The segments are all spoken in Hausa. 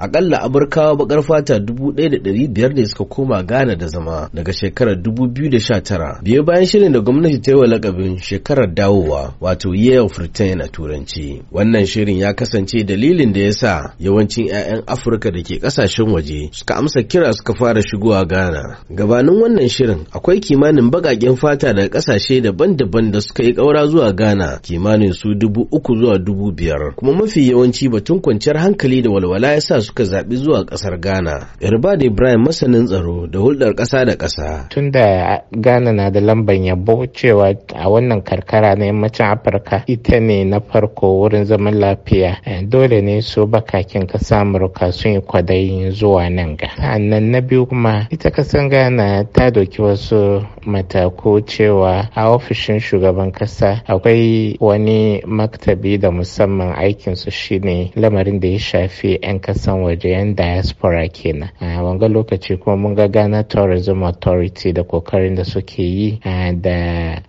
akalla amurkawa bakar fata 1,500 ne suka koma ghana da zama daga shekarar 2019 biyu bayan shirin da gwamnati ta yi wa lakabin shekarar dawowa wato year of return a turanci wannan shirin ya kasance dalilin da ya sa yawancin 'ya'yan afirka da ke kasashen waje suka amsa kira suka fara shigowa ghana gabanin wannan shirin akwai kimanin bagagen fata daga kasashe daban-daban da suka yi kaura zuwa ghana kimanin su dubu uku zuwa dubu biyar kuma mafi yawanci batun kwanciyar hankali da walwala ya sa su suka zaɓi zuwa ƙasar Ghana. Irbad Ibrahim masanin tsaro da hulɗar ƙasa da ƙasa. Tun da Ghana na da lamban yabo cewa a wannan karkara na yammacin Afirka ita ne na farko wurin zaman lafiya eh, dole ne su bakakin ƙasa Amurka sun yi kwadayin zuwa nan ga. Annan na biyu kuma ita ƙasar Ghana ta doki wasu mataku cewa a ofishin shugaban ƙasa akwai wani maktabi da musamman aikinsu shine lamarin da ya shafi 'yan ƙasa waje yan diaspora kenan a ah, wanga lokaci kuma mun ga ghana tourism authority da kokarin da suke yi ah, da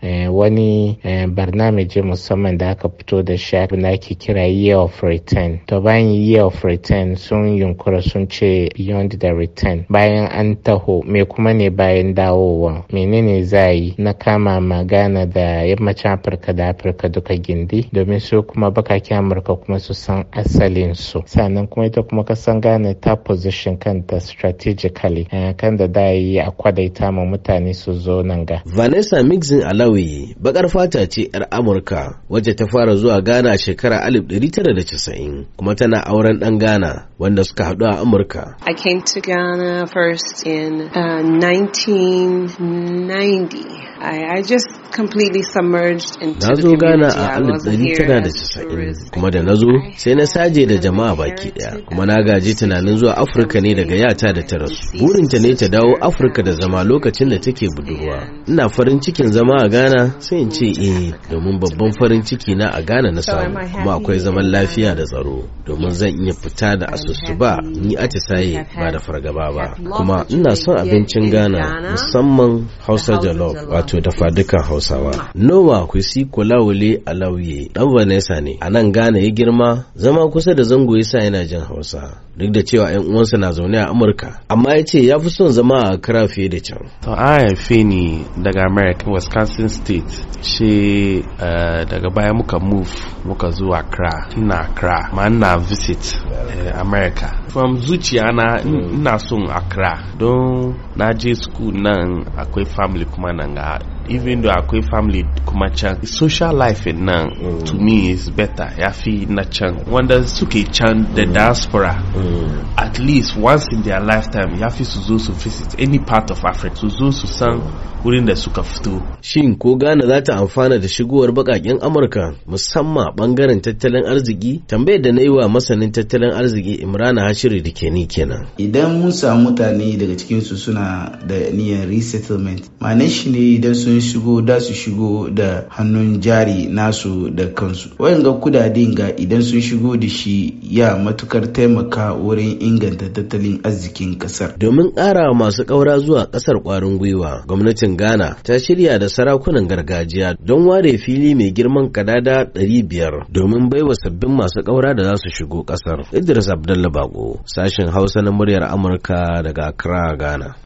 eh, wani eh, barnamiji musamman da aka fito da shi na ke kira year of return to bayan year of return sun yunkura sun ce beyond the return bayan an taho me kuma ne bayan dawowa menene za yi na kama magana da yammacin afirka da afirka duka gindi domin su kuma bakakin amurka kuma su san asalin su sannan kuma ita kuma kusan Ghana ta position kanta strategically eh, kan da da yi a kwadaita ma mutane su zo nan ga. Vanessa Mixon Alawi bakar fata ce 'yar Amurka wacce ta fara zuwa Ghana shekara 1990 kuma tana auren dan Ghana wanda suka haɗu a Amurka. I came to Ghana first in uh, 1990. I just completely submerged na zo Ghana a alif ɗari tara da casa'in kuma da na zo sai na saje da jama'a baki ɗaya kuma na gaji tunanin zuwa Afirka ne daga yata da ta rasu. Burinta ne ta dawo Afirka da zama lokacin da take budurwa. Ina farin cikin zama a Ghana sai in ce eh domin babban farin ciki na a Ghana na samu kuma akwai zaman lafiya da tsaro domin zan iya fita da asusu ba ni atisaye ba da fargaba ba kuma ina son abincin gana musamman Hausa jollof wato wato dafa dukan hausawa noma kusi kulawule lauye ɗan vanessa ne a nan gane ya girma zama kusa da zango yasa yana jin hausa duk da cewa yan uwansa na zaune a amurka amma ya ce ya fi son zama a kira fiye da can to an haife ni daga america wisconsin state shi eh, daga baya muka move muka zuwa accra ina accra ma ina visit eh, america from zuciya na ina son accra don na je school nan akwai family kuma nan ga even though akwai family kuma can social life in nan mm. to me is better ya fi na can wanda suke can da diaspora mm. at least once in their lifetime ya fi su zo su visit any part of africa su zo su san wurin da suka fito shin ko ghana za ta amfana da shigowar bakakin amurka musamman bangaren tattalin arziki tambayar da na yi wa masanin tattalin arziki imrana hashiru da ke ni kenan idan mun samu mutane daga cikin cikinsu suna da niyyar resettlement ma'anar shi ne idan sun shigo da su shigo da hannun jari nasu da kansu wayanga kudaden ga idan sun shigo da shi ya matukar taimaka wurin inganta tattalin arzikin kasar domin ƙara masu ƙaura zuwa ƙasar kwarin gwiwa gwamnatin ghana ta shirya da sarakunan gargajiya don ware fili mai girman kadada 500 domin baiwa sabbin masu ƙaura da za su shigo ƙasar idris abdullahi bako sashen hausa na muryar amurka daga accra ghana